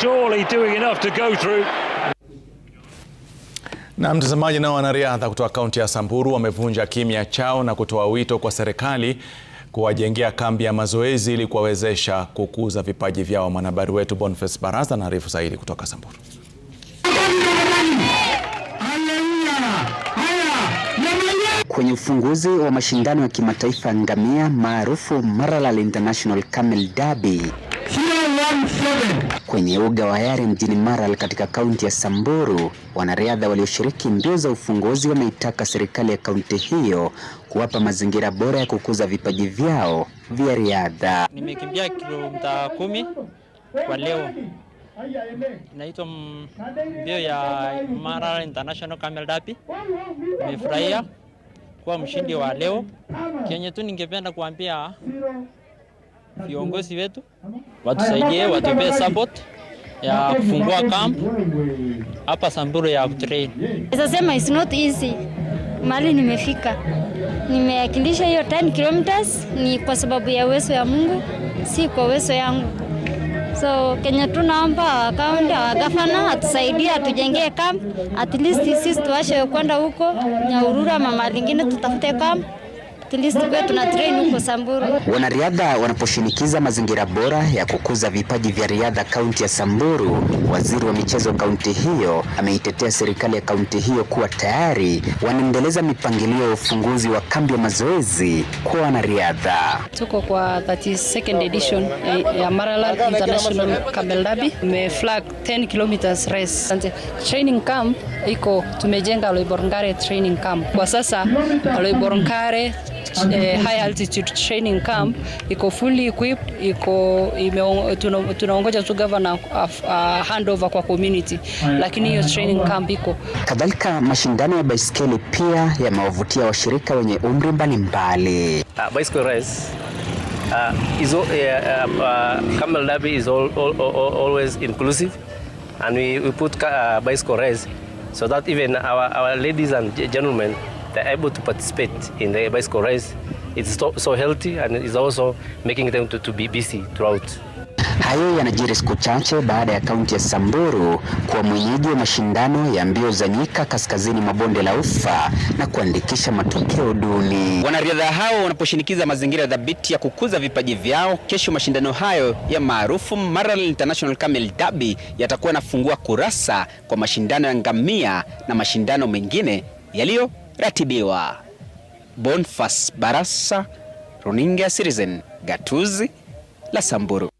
surely doing enough to go through. Na mtazamaji, nao wanariadha kutoka kaunti ya Samburu wamevunja kimya chao na kutoa wito kwa serikali kuwajengea kambi ya mazoezi ili kuwawezesha kukuza vipaji vyao. Mwanahabari wetu Boniface na anaarifu zaidi kutoka Samburu. Kwenye ufunguzi wa mashindano ya kimataifa ngamia maarufu Maralal International Camel Derby Kwenye uga wa Yare mjini maral katika kaunti ya Samburu, wanariadha walioshiriki mbio za ufunguzi wameitaka serikali ya kaunti hiyo kuwapa mazingira bora ya kukuza vipaji vyao vya riadha. Nimekimbia kilomita kumi kwa leo, inaitwa mbio ya Maral International Camel Derby. Nimefurahia kuwa mshindi wa leo. Kenye tu ningependa kuambia viongozi wetu watusaidie, watupee support ya kufungua camp hapa Samburu ya train. Sasa sema it's not easy. Mali nimefika nimeakilisha hiyo 10 kilometers ni kwa sababu ya uwezo ya Mungu, si kwa uwezo yangu. So Kenya, tunaomba kaunti wa gavana atusaidie, atujengee camp at least sisi tuache kwenda huko Nyaurura, mama lingine tutafute camp tuna train huko Samburu. Wanariadha wanaposhinikiza mazingira bora ya kukuza vipaji vya riadha kaunti ya Samburu, waziri wa michezo kaunti hiyo ameitetea serikali ya kaunti hiyo kuwa tayari wanaendeleza mipangilio ya ufunguzi wa kambi ya mazoezi kwa wanariadha. Tuko kwa 32nd edition eh, ya Maralal International Camel Derby, flag 10 kilometers race. training camp iko tumejenga Loiborngare training camp. Kwa sasa Loiborngare eh, high altitude training camp iko fully equipped, iko tunaongoja tu governor handover kwa community, lakini hiyo training camp iko. Kadhalika, mashindano ya baiskeli pia yamewavutia washirika wenye umri mbalimbali. Uh, bicycle race uh, is all, uh, eh, uh, ah, Camel Derby is all, all, all, always inclusive and we, we put uh, bicycle race so that even our, our ladies and gentlemen they're able to participate in the bicycle race. It's so, so healthy and it's also making them to, to be busy throughout. Hayo yanajiri siku chache baada ya kaunti ya Samburu kuwa mwenyeji wa mashindano ya mbio za nyika kaskazini mwa bonde la Ufa na kuandikisha matokeo duni. Wanariadha hao wanaposhinikiza mazingira dhabiti ya kukuza vipaji vyao, kesho mashindano hayo ya maarufu Maralal International Camel Derby yatakuwa yanafungua kurasa kwa mashindano ya ngamia na mashindano mengine yaliyo ratibiwa. Bonfas Barasa, Runinga Citizen, gatuzi la Samburu.